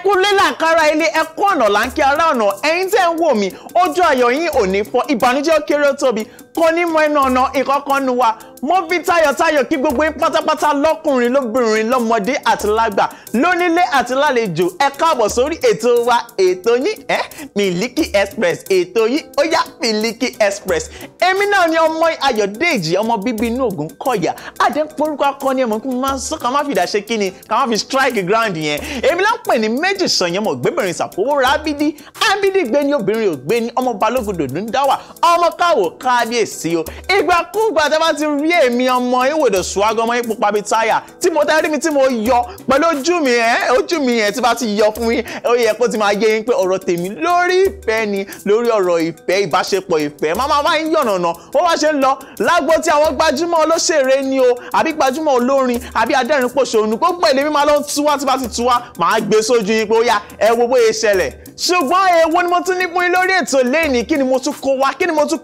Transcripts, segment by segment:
ẹkú lélàkàrà ilé eku ọ̀nà la nke ara ọ̀nà ẹ̀yin tẹ́ ń wò mí ojú ayọ̀ yín ò ní fọ́ ìbànújẹ́ kéré ó tóbi onímọ̀ iná ọ̀nà ìkọ̀ọ̀kan nu wa mo fi tayọ̀tayọ̀ kí gbogbo yín pátápátá lọ́kùnrin lóbìnrin lọ́mọdé àti lágbà lónílé àti lálejò ẹ káàbọ̀ sórí ètò wa ètò yín ẹ Miliki Express ètò yín ó yá Miliki Express èmi náà ni ọmọ Ayọ̀dèjì ọmọ bíbí inú Ògúnkọ̀yà àdé porúkọ akọni ẹ̀mọ́ kí n máa sọ ká má fi ìdàṣe kí ni ká má fi strike ground yẹn èmi náà pè ní méjì sọ̀yẹ́ mọ̀ gbẹ́bẹ̀rin ṣàfowó rábídí ábídí gbé ní obìnrin ògbé sí o ìgbàkúgbà tẹ́ bá ti rí èmi ọmọ ewèdò ṣùwágọ́ ọmọ epo pabi táyà tí mo tẹ́ mi tí mo yọ pẹ̀lú ojú mi ẹ̀ ojú mi ẹ̀ tí bá ti yọ fún yín ó yẹ kó ti máa yé yín pé ọ̀rọ̀ tèmi lórí ìfẹ́ ni lórí ọ̀rọ̀ ìfẹ́ ìbáṣepọ̀ ìfẹ́ máma bá yín yànnànà wọ́n bá ṣe ń lọ lágbo tí àwọn gbajúmọ̀ olóṣèré ni o àbí gbajúmọ̀ olórin àbí adẹ́rìn pòṣónú gbogbo èlé mi máa lọ tiwa tí bá ti tiwa máa gbé sójú yín pé ó yá ẹ wo ni mo tún ní ni mo tún kó wá kí ni mo tún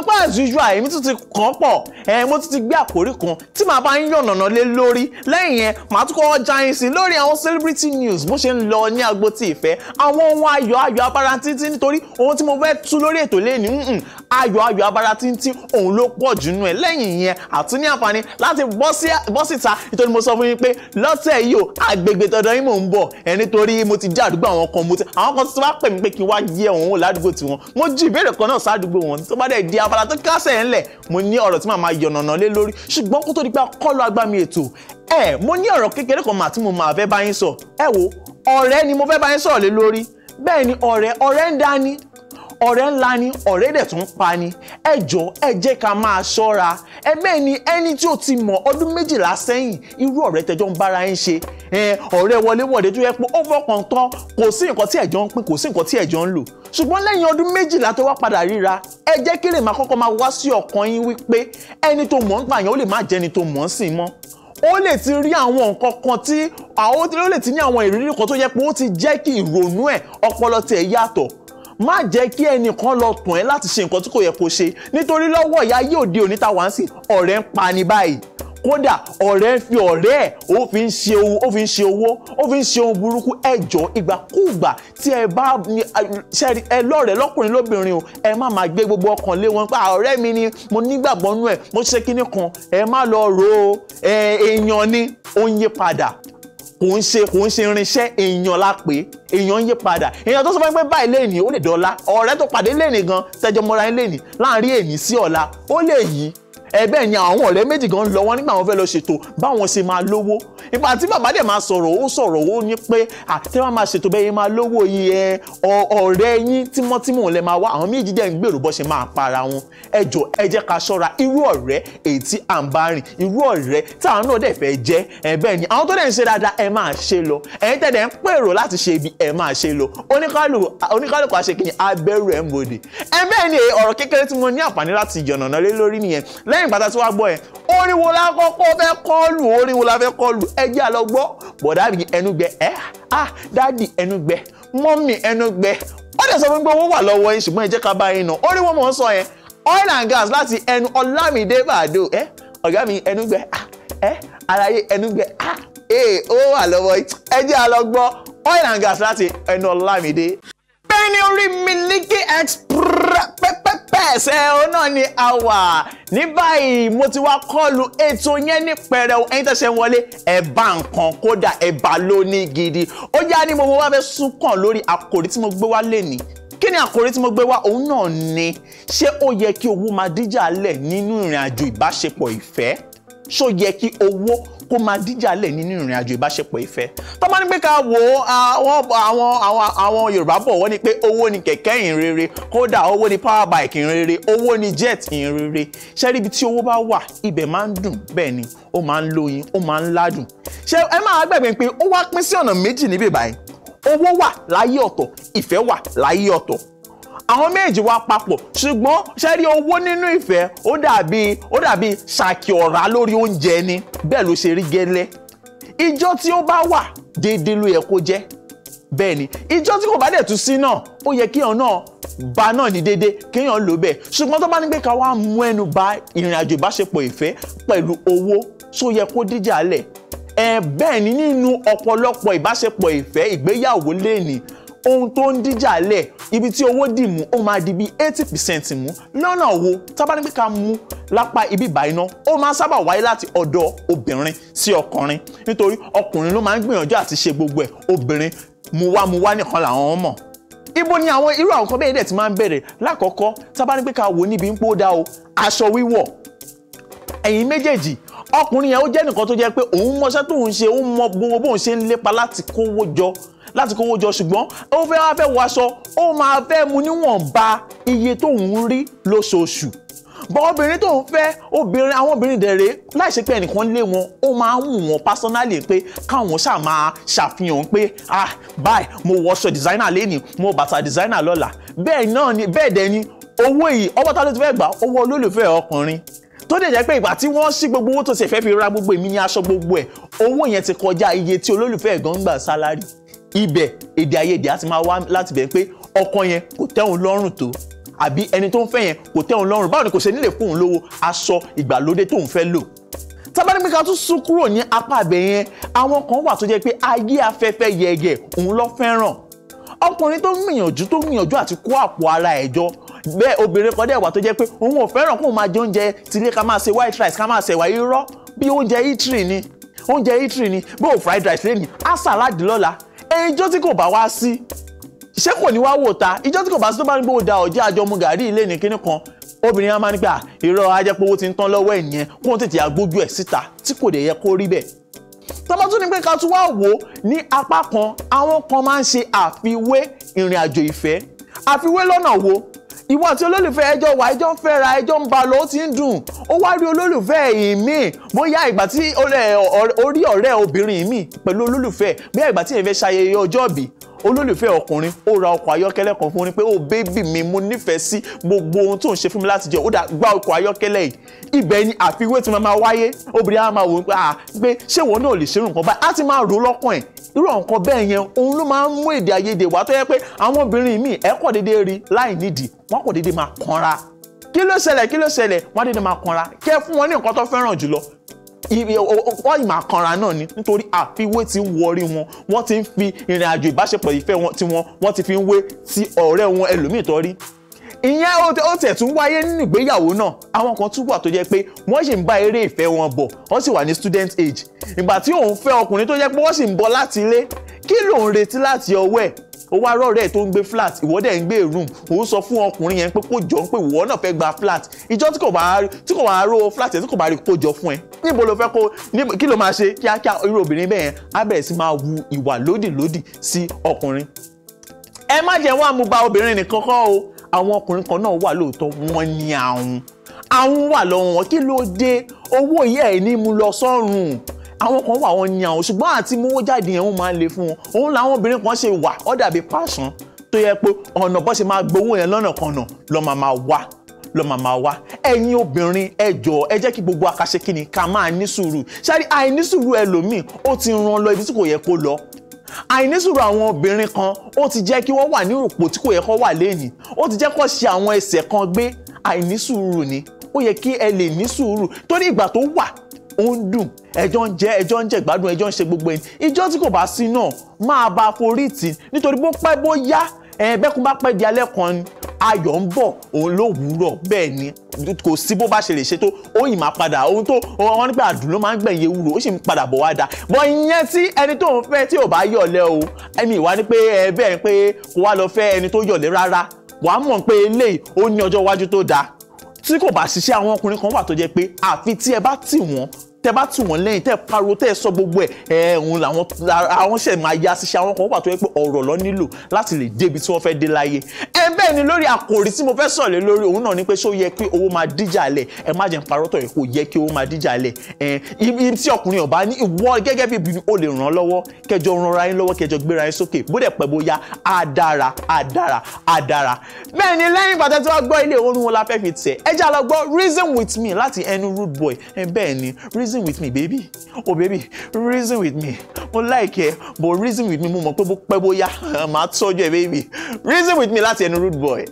mọ̀ pé as usual èmi tún ti kàn pọ̀ ẹ̀ mo tún ti gbé àkórí kan tí màá bá ń yànnàná lé lórí lẹ́yìn yẹn màá tún kọ́kọ́ já yín sí lórí àwọn celebrity news bó ṣe ń lọ ní agbo ti ìfẹ́ àwọn ohun ayọ̀ ayọ̀ abarantíntín nítorí ohun tí mo fẹ́ tú lórí ètò lẹ́ni ayọ̀ ayọ̀ abarantíntín òun ló pọ̀ jù nù ẹ̀ lẹ́yìn yẹn àtún ní àǹfààní láti bọ́ síta nítorí mo sọ fún yín pé lọ́sẹ̀ yìí o àgbègbè tọ̀dọ̀ yín mò ń bọ̀ ẹ̀ nítorí abala tó kásẹ̀ ńlẹ̀ mo ní ọ̀rọ̀ tí màá máa yànnàná lé lórí ṣùgbọ́n kó tó di pé akọ́lù agbami ètò ẹ mo ní ọ̀rọ̀ kékeré kan mà tí mo máa fẹ́ bá yín sọ ẹ wo ọ̀rẹ́ ni mo fẹ́ bá yín sọ̀rọ̀ lé lórí bẹ́ẹ̀ ni ọ̀rẹ́ ọ̀rẹ́ ń dání ọ̀rẹ́ ńlá ni ọ̀rẹ́ dẹ̀ tún pa ni ẹ jọ ẹ jẹ́ ká máa ṣọ́ra ẹ bẹ́ẹ̀ ni ẹni tí ó ti mọ̀ ọdún méjìlá sẹ́yìn irú ọ̀rẹ́ tẹjọ́ ń bára ń ṣe ọ̀rẹ́ wọléwọ̀de tó yẹ pé ó fọkàn tán kò sí nǹkan tí ẹ̀jọ́ ń pín kò sí nǹkan tí ẹ̀jọ́ ń lò ṣùgbọ́n lẹ́yìn ọdún méjìlá tó wá padà ríra ẹ jẹ́ kí lè máa kọ́kọ́ máa wá sí ọkàn yín wípé ẹni tó mọ̀ ń gbà yẹn ó lè má jẹ́ni tó mọ̀ ń sìn mọ́ ó lè ti rí àwọn nǹkan kan tí ó lè ti ní àwọn ìrírí kan tó yẹ pé ó ti jẹ́ kí ìrònú ẹ̀ ọpọlọ tiẹ̀ yàtọ̀ má jẹ́ kí ẹnìkan lọ tàn ẹ́ láti ṣe nǹkan tí kò yẹ kó ṣe nítorí lọ́wọ́ ìyá yóò di oníta wá sí ọ̀rẹ́ ń pa ni báyìí kódà ọ̀rẹ́ fi ọ̀rẹ́ ẹ̀ ó fi ń ṣe owó ó fi ń ṣe owó ó fi ń ṣe ohun burúkú ẹ̀jọ́ ìgbàkúùgbà tí ẹ bá ṣẹ́rí ẹ lọ́rẹ̀ẹ́ lọ́kùnrin lóbìnrin o ẹ má máa gbé gbogbo ọkàn lé wọn pé ọ̀rẹ́ mi ni mo nígbàgbọ́ nú mo ṣe kinní kan ẹ má lọ rò ó èèyàn ni ó ń yí padà kò ń ṣe kò ń ṣe irinṣẹ́ èèyàn la pé èèyàn ń yí padà èèyàn tó sọ fún mi pé báyìí lẹ́nìí ó lè dọ́là ọ̀rẹ́ tó pàdé lẹ́nìí gan tẹjọ mọ́ra ẹ lẹ́nìí láàrin èèní sí ọ̀la ó lè yí ẹ̀bẹ̀ ni àwọn ọ̀rẹ́ méjì gan lọ wọn nígbà wọn fẹ́ lọ ṣètò báwọn ṣe máa lówó ipa tí bàbá dẹ̀ máa sọ̀rọ̀ ó sọ̀rọ̀ ó ní pé àtẹ́ wọn máa ṣètò bẹ́ẹ̀ máa lówó iye ọ̀rẹ́ yín tímọ́tímọ́ lẹ máa wá àwọn méjì dẹ̀ ń gbèrò bọ́ ṣe máa para wọn ẹ jọ ẹ jẹ́ ká ṣọ́ra irú ọ̀rẹ́ èyí tí à ń bá rìn irú ọ̀rẹ́ táwọn náà dẹ̀ fẹ́ jẹ́ ni àwọn tó dẹ̀ ń ṣe dáadáa ẹ máa ṣe lọ ẹ̀yin tẹ̀ dẹ̀ ń pèrò láti ṣe ibi ẹ máa ṣe lọ oníkálùkù àṣekìyìn abẹ́rù ẹ̀ ń bodè ẹ̀bẹ̀ ni ọ̀rọ̀ kékeré tí lẹ́yìn pátá tí wàá gbọ́ ẹ̀ orin wo la kọ́kọ́ fẹ́ kọ́ọ̀lù orin wo la fẹ́ kọ́ọ̀lù ẹ jẹ́ gbọ́ bọ̀dá mi ẹnu gbẹ ẹ́ ah dáàdì ẹnu gbẹ mọ́mì ẹnu gbẹ ó dẹ̀ sọ fún mi pé owó wà lọ́wọ́ yín ṣùgbọ́n ẹ jẹ́ ká bá yín nà orin wo mò ń sọ yẹn oil and gas láti ẹnu ọlámídé bàdó ẹ ọ̀gá mi ẹnu gbẹ ah ẹ aláyé ẹnu gbẹ ah ee owó wà lọ́wọ́ yín ẹ gbọ́ oil and gas láti ẹnu ọlámídé. bẹ́ẹ̀ ni orí Miliki Express pẹ́pẹ́pẹ́ yes ẹ ọ náà ni a wà ní báyìí mo ti wá kọlu ètò yẹn ní pẹrẹu ẹ̀yin tẹsẹ wọlé ẹ nǹkan kódà ẹ bá lóní gidi ó yá ni mo mo wá fẹ́ súnkàn lórí àkòrí tí mo gbé wá lénìí kí ni àkòrí tí mo gbé wá òun náà ni ṣé ó yẹ kí owó máa díjà lẹ̀ nínú ìrìn àjò ìbáṣepọ̀ ìfẹ́ ṣó yẹ kí owó kó máa díjà lẹ̀ nínú ìrìn àjò ìbáṣepọ̀ ìfẹ́ tó bá ní pé ká wo àwọn àwọn Yorùbá bọ̀ wọ́n ní pé owó ni kẹ̀kẹ́ ìhìnrere kódà owó ni power bike ìhìnrere owó ni jet ìhìnrere ṣẹ́rí ibi tí owó bá wà ibẹ̀ máa ń dùn bẹ́ẹ̀ ni ó máa ń lóyin ó máa ń ládùn ṣé ẹ máa gbàgbé pé ó wá pín sí ọ̀nà méjì níbí báyìí owó wà láyé ọ̀tọ̀ ìfẹ́ wà láyé ọ̀tọ̀ àwọn méjì wá papọ̀ ṣùgbọ́n ṣẹ́rí owó nínú ìfẹ́ ó dàbí ó dàbí ṣàkì ọ̀rá lórí oúnjẹ ni bẹ́ẹ̀ ló ṣe rí gẹ́lẹ́ ìjọ tí ó bá wà déédéé ló yẹ kó jẹ́ bẹ́ẹ̀ ni ìjọ tí kò bá dẹ̀ tún sí náà ó yẹ kíyàn náà bá náà ní déédéé kíyàn lò bẹ́ẹ̀ ṣùgbọ́n tó bá ní pé ká wá mú ẹnu bà ìrìn àjò ìbáṣepọ̀ ìfẹ́ pẹ̀lú owó tó yẹ kó díjà lẹ̀ ẹ̀ bẹ́ẹ̀ ni nínú ọ̀pọ̀lọpọ̀ ìbáṣepọ̀ ìfẹ́ ìgbéyàwó lẹ́nìí ohun tó ń díjà lẹ̀ ibi tí owó dì mú ó máa di bí eighty percent mú lọ́nà wo tábà ní pé ká mú lápá ibi ìbá iná ó máa sábà wáyé láti ọ̀dọ̀ obìnrin sí ọkùnrin nítorí ọkùnrin ló máa ń gbìyànjú àti ṣe gbogbo ẹ̀ obìnrin muwamuwa nìkan làwọn mọ̀ ibo ni àwọn irú àwọn kan bẹ́ẹ̀ dẹ̀ ti máa ń bẹ̀rẹ̀ lákọ̀ọ́kọ́ tábà ní pé ká wò níbi ń pò dá o aṣọ wíwọ̀ ẹ̀yin méjèèjì ọkùnrin yẹn ó jẹ́ nìkan tó jẹ́ pé òun mọṣẹ́ tóun ṣe òun mọ gbogbo bóun ṣe ń lépa láti kówó jọ láti kówó jọ ṣùgbọ́n ó fẹ́ wá fẹ́ wọṣọ ó máa fẹ́ mu níwọ̀nba iye tóun ń rí lóṣooṣù bọ obìnrin tó ń fẹ́ obìnrin àwọn obìnrin dẹ̀rẹ̀ láì ṣe pé ẹnìkan lé wọn ó máa ń wù wọn pásánálì pé káwọn ṣáà máa ṣàfihàn pé ah báyìí mo wọṣọ designer lẹ́nìí mo bàtà designer lọ́la bẹ́ẹ̀ náà ni bẹ́ẹ̀ dẹ̀ ni owó yìí ọwọ́ ta ló ti fẹ́ gbà owó olólùfẹ́ ọkùnrin tó dẹ̀ jẹ́ pé ìgbà tí wọ́n ṣí gbogbo owó tó ṣe fẹ́ fi ra gbogbo èmi ní aṣọ gbogbo ẹ̀ owó yẹn ti kọjá iye tí olólùfẹ́ gan ń gbà ibẹ̀ èdè àìyedè á sì máa wá láti bẹ̀ pé ọkọ yẹn kò tẹ́ òun lọ́rùn tó àbí ẹni tó ń fẹ́ yẹn kò tẹ́ òun lọ́rùn báwo ni kò ṣe nílè fún òun lówó aṣọ ìgbàlódé tó ń fẹ́ lò tabanipẹ ká tún sún kúrò ní apá ibẹ̀ yẹn àwọn kan wà tó jẹ́ pé ayé afẹ́fẹ́ yẹgẹ òun ló fẹ́ràn ọkùnrin tó gbìyànjú tó gbìyànjú àti kó àpò ara ẹ̀ jọ bẹ́ẹ̀ obìnrin kan dẹ̀ wà tó jẹ́ pé òun ò fẹ́ràn kóun máa jẹ oúnjẹ tilé ká máa ṣe white rice ká máa ṣe ẹ̀wà irọ́ bí oúnjẹ itri ni oúnjẹ itri ni bó o fried rice lẹ́nu á sàládì lọ́la ijó tí kò bá wá sí ṣé kò ní wá wò ta ijó tí kò bá sí tó bá ní gbówó da ọ̀jẹ́ àjọmú gàrí ilé ní kíní kan obìnrin á máa ní pé à irọ́ ajẹ́pọ̀wó ti ń tán lọ́wọ́ ẹ̀ nìyẹn kó wọ́n tètè agbójú ẹ̀ síta tí kò dẹ̀ yẹ kó rí bẹ́ẹ̀. tọ́mọ́ tún ní pé ká tún wá wò ó ní apá kan àwọn kan máa ń ṣe àfiwé ìrìn àjò ìfẹ́ àfiwé lọ́nà wo ìwọ àti olólùfẹ́ ẹjọ́ wà ẹjọ́ ń fẹ́ra ẹjọ́ ń ba lọ ó ti ń dùn ó wá rí olólùfẹ́ ìmíì bóyá ìgbà tí orí ọ̀rẹ́ obìnrin mi pẹ̀lú olólùfẹ́ bóyá ìgbà tí èèyàn fẹ́ ṣayẹyẹ ọjọ́ ìbí olólùfẹ́ ọkùnrin ó ra ọkọ̀ ayọ́kẹ́lẹ́ kan fún mi pé ó bébì mi mo nífẹ̀ẹ́ sí gbogbo ohun tó ń ṣe fún mi láti jẹ ó dà gba ọkọ̀ ayọ́kẹ́lẹ́ yìí ibẹ̀ ni àfiwé ti máa wáyé obìnrin á máa wò ó pé ah, ṣé ìwọ náà lè ṣerú nǹkan báyìí á ti máa rò ó lọ́kàn ẹ̀ irú nǹkan bẹ́ẹ̀ yẹn òun ló máa ń mú èdè àìyedè wá tó yẹ pé àwọn obìnrin míì ẹ kò déédéé rí láì nídìí wọ́n kò déédéé máa kanra kí ló ṣẹlẹ̀ kí ló ṣẹlẹ̀ wọ́n déédéé máa kanra kẹ́ fún wọn ní nǹkan tó fẹ́ràn jùlọ wọ́n ìmọ̀ àkànra náà ni nítorí àfiwé ti ń wọrí wọn wọ́n ti ń fi ìrìn àjò ìbáṣepọ̀ ìfẹ́ tiwọn wọ́n ti fi ń wé ti ọ̀rẹ́ wọn ẹlòmíì tó rí ìyẹn ó tẹ̀ tún wáyé nínú ìgbéyàwó náà àwọn kan tún wà tó jẹ́ pé wọ́n sì ń bá eré ìfẹ́ wọn bọ̀ wọ́n sì wà ní student age ìgbà tí òun fẹ́ ọkùnrin tó jẹ́ pé wọ́n sì ń bọ̀ láti ilé kí lòun retí láti ọwọ́ ẹ̀ ó wá rọ́ọ̀rẹ́ tó ń gbé flat ìwọ dẹ̀ ń gbé room òun sọ fún ọkùnrin yẹn pé kó jọ ń pè wọ́n náà fẹ́ gba flat ìjọ tí kò bá tí kò bá ró flat ẹ̀ tí kò bá rí kó jọ fún ẹ níbo ló fẹ́ kó kí ló máa ṣe kíákíá irú obìnrin bẹ́ẹ̀ yẹn á bẹ̀rẹ̀ sí máa wu ìwà lódìlódì sí ọkùnrin ẹ má jẹ́ wá mú ba obìnrin nìkan kọ́ o àwọn ọkùnrin kan náà wà lóòótọ́ wọ́n ní àrùn àrùn wà lọ́wọ́ wọn kí ló dé owó ìyá ẹ̀ ní mu lọ sọ́run àwọn kan wà wọ́n ní àrùn ṣùgbọ́n àti mówó jáde yẹn wọ́n máa ń le fún wọn òun làwọn obìnrin kan ṣe wà ó dàbí pàṣán tó yẹ pé ọ̀nà bó máa gbowó yẹn lọ́nà kan náà lọ́ máa máa wá ló máa máa wá ẹ̀yin obìnrin ẹ jọ̀ọ́ ẹ jẹ́ kí gbogbo akáṣe kíni ká máa ní sùúrù ṣáàrí àìní sùúrù ẹlòmíì ó ti ràn lọ ibi tí kò yẹ kó lọ àìnísùúrù àwọn obìnrin kan ó ti jẹ́ kí wọ́n wà ní òpó tí kò yẹ kó wà lẹ́yìn ó ti jẹ́ kó ṣe àwọn ẹsẹ̀ kan gbé àìnísùúrù ni ó yẹ kí ẹ lè ní sùúrù torí ìgbà tó wà ó ń dùn ẹjọ́ ń jẹ ẹjọ́ ń jẹ ìgbádùn ẹjọ́ ń ṣe gbogbo ẹni ìjọ́ tí kò bá sí náà máa bá forí tì nítorí bó pẹ́ bó yá ẹ̀ẹ́dẹ́kun bá pẹ́ di alẹ́ kan ni ayọ̀ ń bọ̀ òun ló wúrọ̀ bẹ́ẹ̀ ni kò sí bó bá ṣe lè ṣe tó ó yìn máa padà ohun tó wọn nígbà dùn ló máa ń gbẹ̀yìn ewúro ó sì ń padà bọ̀ wá da bọ́ ìyẹn tí ẹni tó ń fẹ́ tí ò bá yọ̀lẹ́ o ẹ̀mí ìwà ni pé ẹ bẹ́ẹ̀ ni pé kó wá lọ fẹ́ ẹni tó yọ̀lẹ́ rárá wàá mọ̀ pé eléyìí ó ní ọjọ́ iwájú tó dáa tí kò bá ṣiṣẹ́ àwọn ọkùnrin kan wà tó jẹ́ pé àfi tí ẹ bá tì wọ́n tẹ bá tù wọ́n lẹ́yìn tẹ pariwo tẹ sọ gbogbo ẹ ẹ òun làwọn àwọn ṣẹ̀ máa ya ṣiṣẹ́ àwọn kan wà tó yẹ pé ọ̀rọ̀ lọ nílò láti lè débi tí wọ́n fẹ́ dé láyé ẹ bẹ́ẹ̀ ni lórí àkòrí tí mo fẹ́ sọ̀lẹ̀ lórí òun náà ni pé ṣó yẹ kí owó máa díjà lẹ̀ ẹ má jẹ́ n parọ́ tọ̀ yìí kò yẹ kí owó máa díjà lẹ̀ ibi tí ọkùnrin ọ̀bá ní ìwọ gẹ́gẹ́ bí obìnrin ó lè ràn lọ́wọ́ kẹjọ ranra yín lọ́wọ́ kẹjọ gbéra yín sókè bódẹ̀ pẹ́ bóyá á dára á dára á dára. bẹ́ẹ̀ ni lẹ́yìn pàtẹ́ tí wọ́n gbọ́ ilé orin wọn la fẹ́ fi tẹ̀ ẹ já lọ gbọ́ reason with me láti ẹnu rude boy bẹ́ẹ̀ ni reason with me baby oh baby reason with me mo like ẹ but reason with me mo mọ̀ pé bó pẹ́ bóyá màá tọ́jú ẹ baby reason with me láti ẹnu rude boy.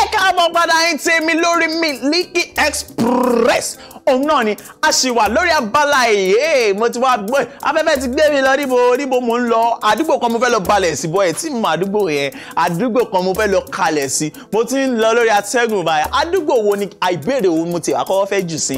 ẹ káàbọ̀ padà yín tèmi lórí Miliki Express òun náà ni a sì wà lórí abala èyí mo ti wá gbọ́ afẹ́fẹ́ ti gbé mi lọ níbo níbo mo ń lọ àdúgbò kan mo fẹ́ lọ balẹ̀ sí bọ́ ẹ̀ tí mo àdúgbò yẹn àdúgbò kan mo fẹ́ lọ kalẹ̀ sí mo ti ń lọ lórí atẹ́gùn báyìí àdúgbò wo ni àìbéèrè wo mo ti àkọ́kọ́ fẹ́ jù sí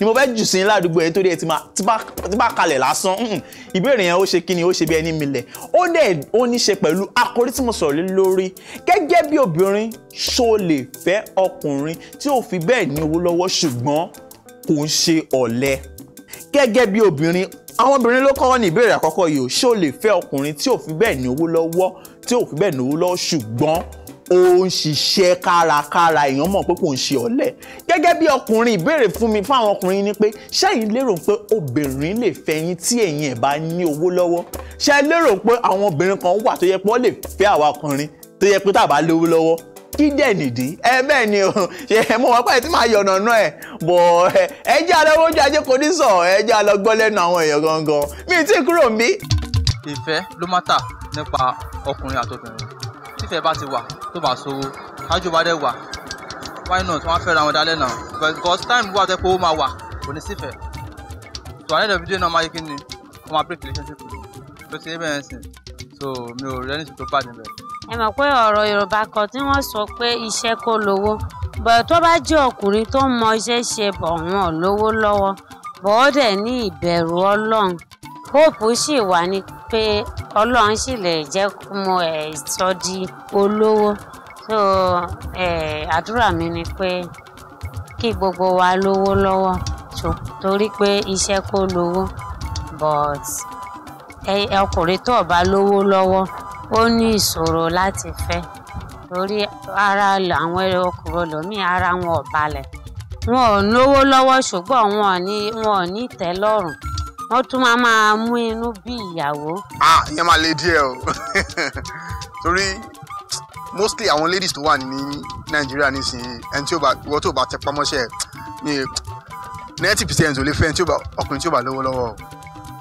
ni mo fẹ́ jù sí ládùúgbò yẹn torí ẹ ti bá kalẹ̀ lásán ìbéèrè yẹn ó ṣe kí ni ó ṣe bí ẹni milẹ̀ ó dẹ̀ ó ní ṣe pẹ̀lú àkòrí tí mo sọ̀rọ̀ lé lórí gẹ́gẹ́ bí obìnrin ṣó lè fẹ́ ọkùnrin tí ò fi bẹ́ẹ̀ ní owó lọ́wọ́ ṣùgbọ́n kò ń ṣe ọ̀lẹ gẹ́gẹ́ bí obìnrin àwọn obìnrin ló kọ́ ní ìbéèrè àkọ́kọ́ yìí ò ṣé o lè fẹ́ ọkùnrin tí ò fi bẹ́ẹ̀ ní owó lọ́wọ́ tí ò fi bẹ́ẹ̀ ní owó lọ́wọ́ ṣùgbọ́n ó ń ṣiṣẹ́ kárakára èèyàn mọ̀ pé kò ń ṣe ọ̀lẹ gẹ́gẹ́ bí ọkùnrin ìbéèrè fún mi fáwọn ọkùnrin ni pé ṣẹ́yìn lérò pé obìnrin lè fẹ́ yín tí ẹ̀yin ẹ̀ bá ní owó lọ́wọ́ ṣẹ́ lérò pé àwọn obìnrin kan wà tó yẹ pé wọ́n lè fẹ́ àwa ọkùnrin tó yẹ pé tá a lówó lọ́wọ́ kí dẹ̀ nìdí ẹ bẹ́ẹ̀ ni o ṣe mo wọ́n pẹ́ tí màá yọ̀nà náà ẹ̀ bọ̀ ẹ jẹ́ alọ́wọ́jú ajé kò ní sọ ẹ jẹ́ alọ́gbọ́ lẹ́nu àwọn èèyàn gangan mi tí kúrò ń bí. ìfẹ́ ló má tà nípa ọkùnrin àtọkùnrin tífẹ́ bá ti wà tó bá sówó tájú bá dẹ̀ wà why not wọ́n á fẹ́ra wọn dálẹ̀ náà because time wà tẹ́ pé ó máa wà kò ní sífẹ̀ tó àlẹ́ ìdọ̀ fídíò náà máa yé kí ni wọ́n máa break so mi ò rẹ́ni tó bá níbẹ̀ ẹ mọ̀ pé ọ̀rọ̀ yorùbá kan tí wọ́n sọ pé iṣẹ́ kó lówó bọ̀ tó bá jẹ́ ọkùnrin tó mọ iṣẹ́ ṣe bọ̀ wọn lówó lọ́wọ́ bọ̀ ó dẹ̀ ní ìbẹ̀rù ọlọ́run hope sì wà ní pé ọlọ́run sì lè jẹ́ mo ẹ̀ sọ di olówó so àdúrà mi ni pé kí gbogbo wa lówó lọ́wọ́ torí pé iṣẹ́ kó lówó but ọkùnrin tó bá lówó lọ́wọ́ ó ní ìṣòro láti fẹ́ torí ara àwọn ọkùnrin olómi ara wọn ò balẹ̀ wọn ò lówó lọ́wọ́ ṣùgbọ́n wọn ò ní wọn ò ní tẹ́lọ́rùn wọ́n tún máa máa mú inú bí ìyàwó. ah ìyẹn máa le díẹ̀ o torí mostly àwọn ladies tó wà ní nàìjíríà nísìnyí ẹni tí ó bá ìwọ tó bá tẹpá mọ́ṣẹ́ ní ninety percent ò lè fẹ́ ẹni tí ó bá ọkùnrin tí ó bá lówó lọ́wọ́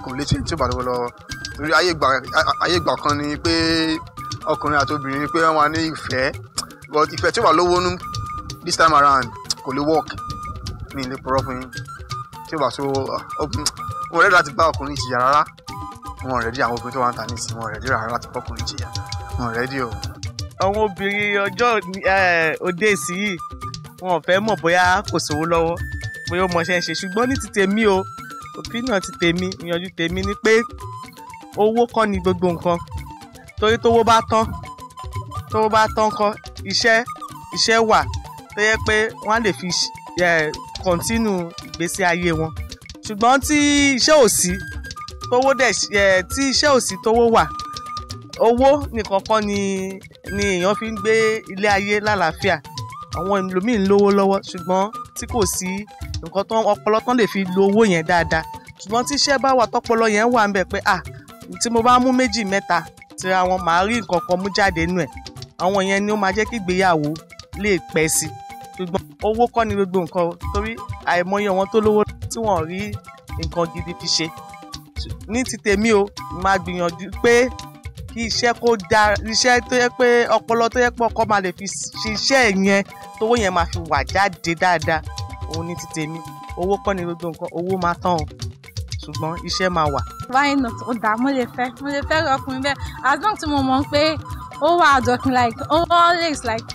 kò lè ṣe ẹni tí ó bá lówó lọ́wọ́ torí ayé ìgbà kan ni pé ọkùnrin àti obìnrin pé wọ́n wà ní ìfẹ́ but ìfẹ́ tí ó wà lówó nú this time around kò lè work ní ilé pọ̀rọ̀ fún yín tí wà so wọn rẹ̀ láti bá ọkùnrin jìyà rárá wọn rẹ̀ dí àwọn obìnrin tó wà ń ta ní ìsìn wọn rẹ̀ dí rárá láti bá ọkùnrin wọn rẹ̀ dí o. àwọn obìnrin ọjọ́ òde ìsinyìí wọn ò fẹ́ mọ̀ bóyá kò sówó lọ́wọ́ bóyá ó mọṣẹ́ ṣe ṣùgbọ́n ní ti tèmi o òpin náà ti tèmi ìyànjú tèmi ni pé owó kọ́ ni gbogbo nǹkan torí tówó bá tán tówó bá tán kan iṣẹ́ iṣẹ́ wà tó yẹ pé wọ́n á lè fi kọ̀ntínú ìgbésí ayé wọn ṣùgbọ́n tí iṣẹ́ ò sí tówó dẹ̀ tí iṣẹ́ ò sí tówó wà owó nìkan kọ́ ni ni èèyàn fi ń gbé ilé ayé lálàáfíà àwọn ẹlòmíín lówó lọ́wọ́ ṣùgbọ́n tí kò sí nǹkan tán ọpọlọ tán lè fi lo owó yẹn dáadáa ṣùgbọ́n tí iṣẹ́ bá wà tọpọlọ yẹn wà ń bẹ̀ pé ah tí mo bá mú méjì mẹ́ta tira wọn màá rí nǹkan kan mú jáde nù ẹ̀ àwọn yẹn ni ó máa jẹ́ kí ìgbéyàwó lè pẹ́ sí ṣùgbọ́n owó kọ́ ni gbogbo nǹkan torí àìmọye wọn tó lówó tí wọ́n rí nǹkan gidi fi ṣe ní ti tèmi o máa gbìyànjú pé kí iṣẹ́ kó dáa iṣẹ́ tó yẹ pé ọpọlọ tó yẹ pé ọkọ máa lè fi ṣe yẹn tówó yẹn máa fi wà jáde dáadáa òun ní ti tèmi owó kọ́ ni gbogbo nǹkan owó máa tán o ṣùgbọ́n iṣẹ́ máa wà. why not ó dáa mo lè fẹ́ mo lè fẹ́ ọkùnrin bẹ́ẹ̀ as long tí mo mọ̀ pé ó wà àjọkin like always like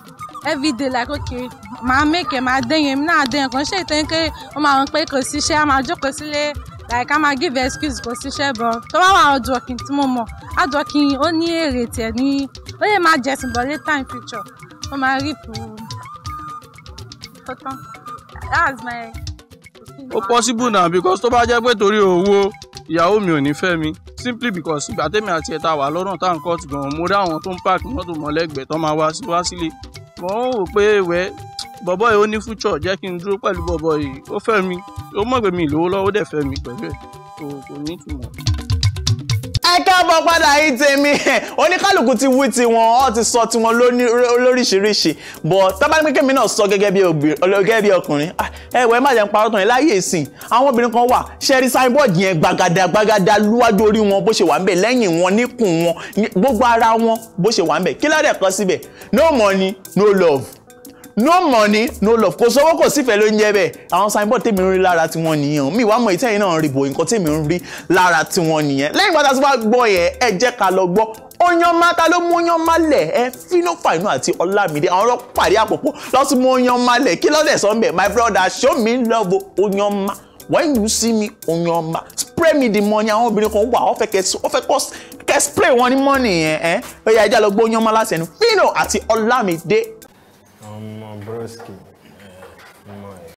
everyday like okay màá make ẹ̀ máa dẹ́yìn mi náà dẹ́yìn kan ṣé ìtẹ́yìn pé ó máa ń pé kò síṣẹ́ a máa jókòó sílé like a máa give excuse kò síṣẹ́ bọ̀ tó bá wà àjọkin tí mo mọ̀ àjọkin ó ní èrè tiẹ̀ ní ó lè máa jẹ̀sìn bọ̀ later in future ó máa rí fún un. That's my ó possible na because tó bá jẹ́ pé torí owó ìyàwó mi ò ní fẹ́ mi simply because ìgbà tèmi àti ẹ̀ta wà lọ́rùn tá à ń kọ́ọ̀tù gan mo rí àwọn tó ń pààkì mọ́tò mọ́lẹ́gbẹ̀ẹ́ tó máa wá sí wá sílé mo ń wò pé wẹ́ bọ̀bọ̀ yìí ó ní future jẹ́ kí n dúró pẹ̀lú bọ̀bọ̀ yìí ó fẹ́ mi ó mọ̀ pé mi ìlówó lọ́wọ́ dẹ̀ fẹ́ mi pẹ̀lú ẹ̀ kò ní ìtumọ̀ káàbọ̀ padà yìí tèmi ẹ̀ oníkálukú ti wí tiwọn ọ ti sọ tiwọn lóríṣiríṣi bọ̀ tábàlẹ́mẹ́kẹ́mi náà sọ gẹ́gẹ́ bí ọkùnrin ah, ẹ̀wẹ̀ má jẹun parọ́ tán ẹ̀ láyé ìsìn àwọn obìnrin kan wà ṣẹ́rí signboard yẹn gbàgàdà gbàgàdà lúwájú orí wọn bó ṣe wà ń bẹ̀ lẹ́yìn wọn níkùn wọn gbogbo ara wọn bó ṣe wà ń bẹ̀ kí ládẹ̀ kan síbẹ̀ no money no love no money no love kò sówó kò sífẹ̀ẹ́ ló ń jẹ́ bẹ́ẹ̀ àwọn signboard tèmi ń rí lára tiwọn nìyẹn mi ìwà mọ̀ ìtẹ́yìn náà ń rí bò nǹkan tèmi ń rí lára tiwọn nìyẹn lẹ́yìn pátá tí wọ́n gbọ́ yẹn ẹ jẹ́ ká lọ gbọ́ oyanma ta ló mú oyanma lẹ̀ ẹ fílọ́fàìnú àti ọlámídé àwọn ọlọ́pàdé àpòpọ̀ lọ́sùn mú oyanma lẹ̀ kí lọ́dẹ̀ sọ́nbẹ̀ my brother show me love oyanma when you see me oyanma spray me the money àwọn obìnrin kan wà ọ̀fẹ́ kẹ́ ọ̀fẹ́ kọ́ kẹ́ spray wọn ní money yẹn ẹ ó yá ẹja lọ gbọ́ oyanma láti ẹnu fino àti ọlámídé Bobrovsky.